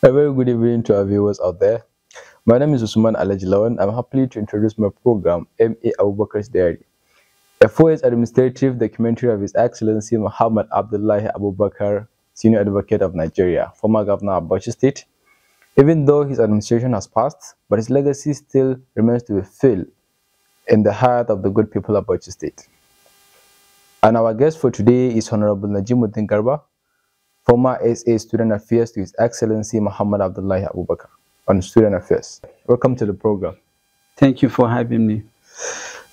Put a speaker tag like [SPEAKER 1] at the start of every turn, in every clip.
[SPEAKER 1] A very good evening to our viewers out there. My name is Usman Alajilawan. I'm happy to introduce my program, M.A. Abubakar's Diary, a four-year administrative documentary of His Excellency Muhammad Abdullahi Abubakar, Senior Advocate of Nigeria, former governor of Bauchi State. Even though his administration has passed, but his legacy still remains to be filled in the heart of the good people of Bauchi State. And our guest for today is Honorable Najimuddin Garba, former SA Student Affairs to His Excellency Muhammad Abdullahi Abubakar on Student Affairs. Welcome to the program. Thank you for having me.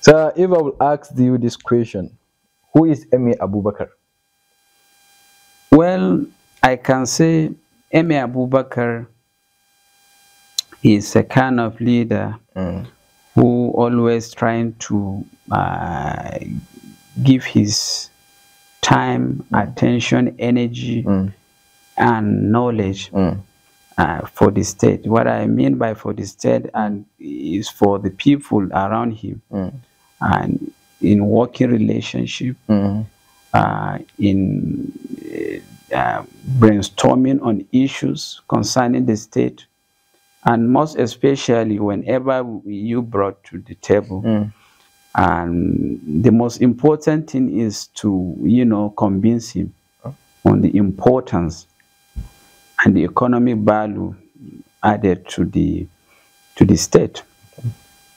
[SPEAKER 1] So if I will ask you this question, who is Emir Abubakar?
[SPEAKER 2] Well, I can say Emir Abubakar is a kind of leader mm. who always trying to uh, give his time, mm. attention, energy, mm. and knowledge mm. uh, for the state. What I mean by for the state and is for the people around him mm. and in working relationship, mm. uh, in uh, uh, brainstorming on issues concerning the state, and most especially whenever you brought to the table mm. And the most important thing is to, you know, convince him on the importance and the economic value added to the to the state. Okay.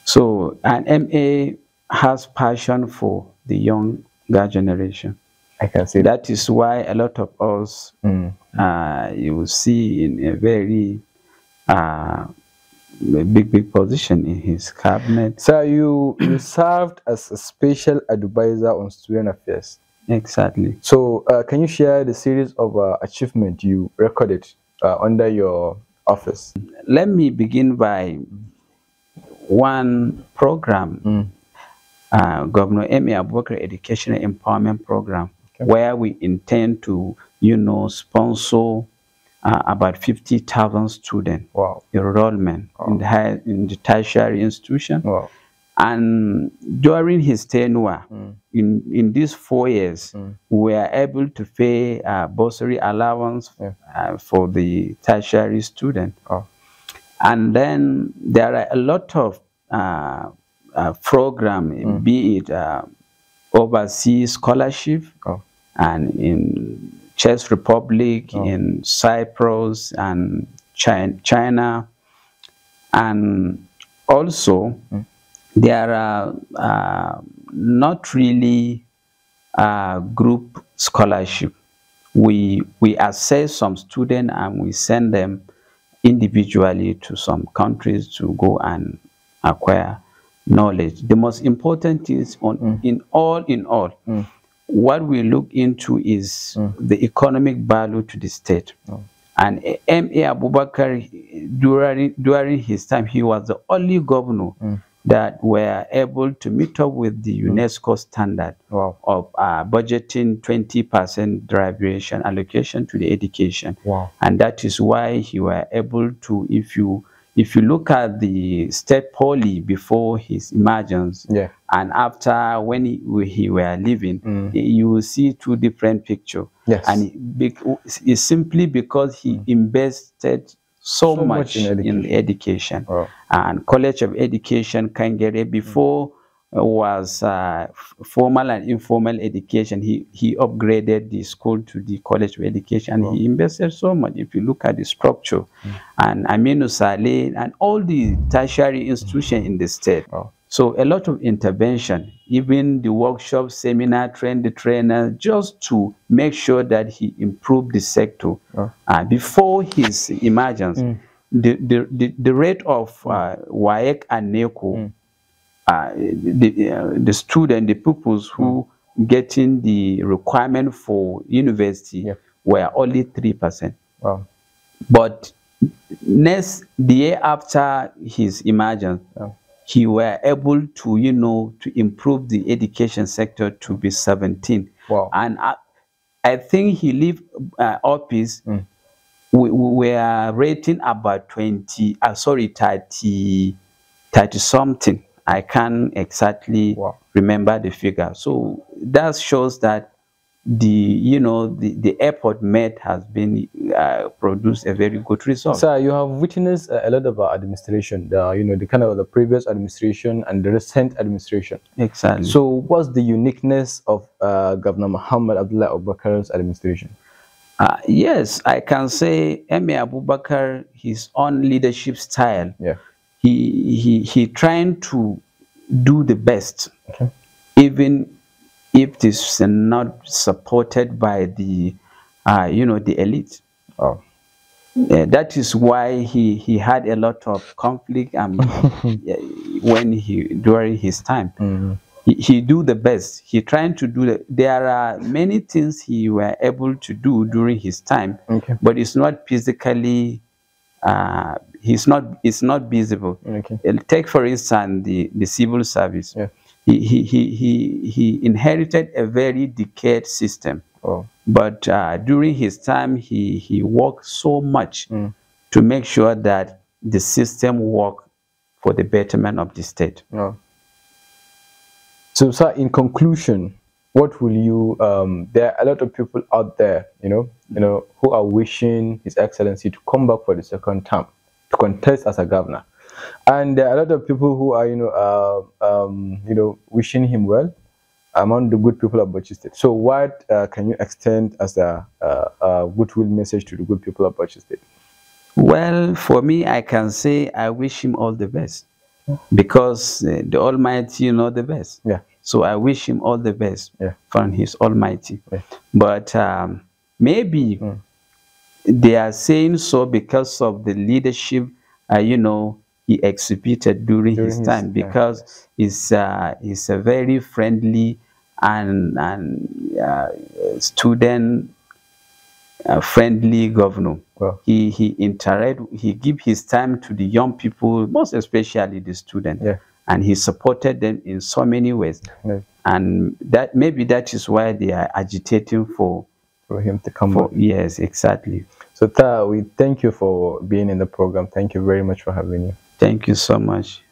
[SPEAKER 2] So an MA has passion for the younger generation. I can see that, that is why a lot of us mm. uh, you will see in a very uh, a big, big position in his cabinet. So you, you served
[SPEAKER 1] as a special advisor on student affairs. Exactly. So uh, can you share the series of uh, you recorded uh, under your office?
[SPEAKER 2] Let me begin by one program, mm. uh, Governor Emi Abubakar Educational Empowerment Program, okay. where we intend to, you know, sponsor uh, about 50,000 students wow. enrollment wow. in, the high, in the tertiary institution. Wow. And during his tenure, mm. in, in these four years, mm. we are able to pay uh, bursary allowance yeah. uh, for the tertiary student. Oh. And then there are a lot of uh, uh program, mm. be it uh, overseas scholarship oh. and in Czech Republic, oh. in Cyprus and China. And also, mm. there are uh, not really a uh, group scholarship. We, we assess some students and we send them individually to some countries to go and acquire knowledge. The most important is on, mm. in all in all, mm what we look into is mm. the economic value to the state. Mm. And M.A. Abubakar, during, during his time, he was the only governor mm. that were able to meet up with the mm. UNESCO standard wow. of uh, budgeting 20% derivation allocation to the education. Wow. And that is why he were able to, if you if you look at the state poly before his emergence yeah. and after when he, he were living, mm. you will see two different picture. Yes. And it, it's simply because he mm. invested so, so much, much, in education, in education. Wow. and College of Education, Kangere, before mm was uh, formal and informal education. He, he upgraded the school to the college of education. wow. He invested so much. If you look at the structure mm. and Aminu Saleh and all the tertiary institutions in the state. Wow. So a lot of intervention, even the workshop, seminar, train the trainer, just to make sure that he improved the sector. Uh, before his emergence, mm. the, the, the, the, rate of uh, WAEC and NECO hmm uh, the, uh, the student, the pupils who hmm. getting the requirement for university were only 3%. Wow. But next, the year after his emergence, he were able to, you know, to improve the education sector to be 17. Wow. And I, I think he left uh, office mm. we, we were rating about 20, uh, sorry, 30, 30 something. I can't exactly wow. remember the figure. So that shows that the you know the, the airport met has been uh, produced a very good result. Sir,
[SPEAKER 1] you have witnessed uh, a lot of our administration, the, you know the kind of the previous administration and the recent administration.
[SPEAKER 2] Exactly. So
[SPEAKER 1] what's the uniqueness of uh, Governor Muhammad Abdullah Abubakar's administration?
[SPEAKER 2] Uh, yes, I can say Emir Abubakar, his own leadership style. Yeah he he he trying to do the best okay. even if this is not supported by the uh, you know the elite oh. that is why he, he had a lot of conflict um, when he during his time mm -hmm. he, he do the best he trying to do the, there are many things he were able to do during his time okay. but it's not physically uh, he's not it's not visible. Okay. Take for instance the, the civil service. Yeah. He, he, he, he, he inherited a very decayed system. Oh. But uh, during his time, he, he worked so much mm. to make sure that the system worked for the betterment of the state. Oh.
[SPEAKER 1] So, sir, in conclusion, what will you um,
[SPEAKER 2] there are a lot of people out there
[SPEAKER 1] you know you know who are wishing his excellency to come back for the second term to contest as a governor. And a lot of people who are, you know, uh, um, you know, wishing him well among the good people of Bauchi State. So what uh, can you extend as a, uh, a goodwill message to the good people of Bauchi State?
[SPEAKER 2] Well, for me, I can say I wish him all the best because uh, the Almighty, you know, the best. Yeah. So I wish him all the best yeah. from His Almighty. Yeah. But um, maybe mm. They are saying so because of the leadership, uh, you know, he exhibited during, during his, time because he's, uh, he's a very friendly and, and uh, student uh, friendly governor. He, he interact, he give his time to the young people, most especially the students. Yeah. And he supported them in so many ways. Yeah. And that maybe that is why they are agitating for for him to come for, Yes, exactly. So Ta, we
[SPEAKER 1] thank you for being in the program. Thank you very much for
[SPEAKER 2] having you. Thank you so much.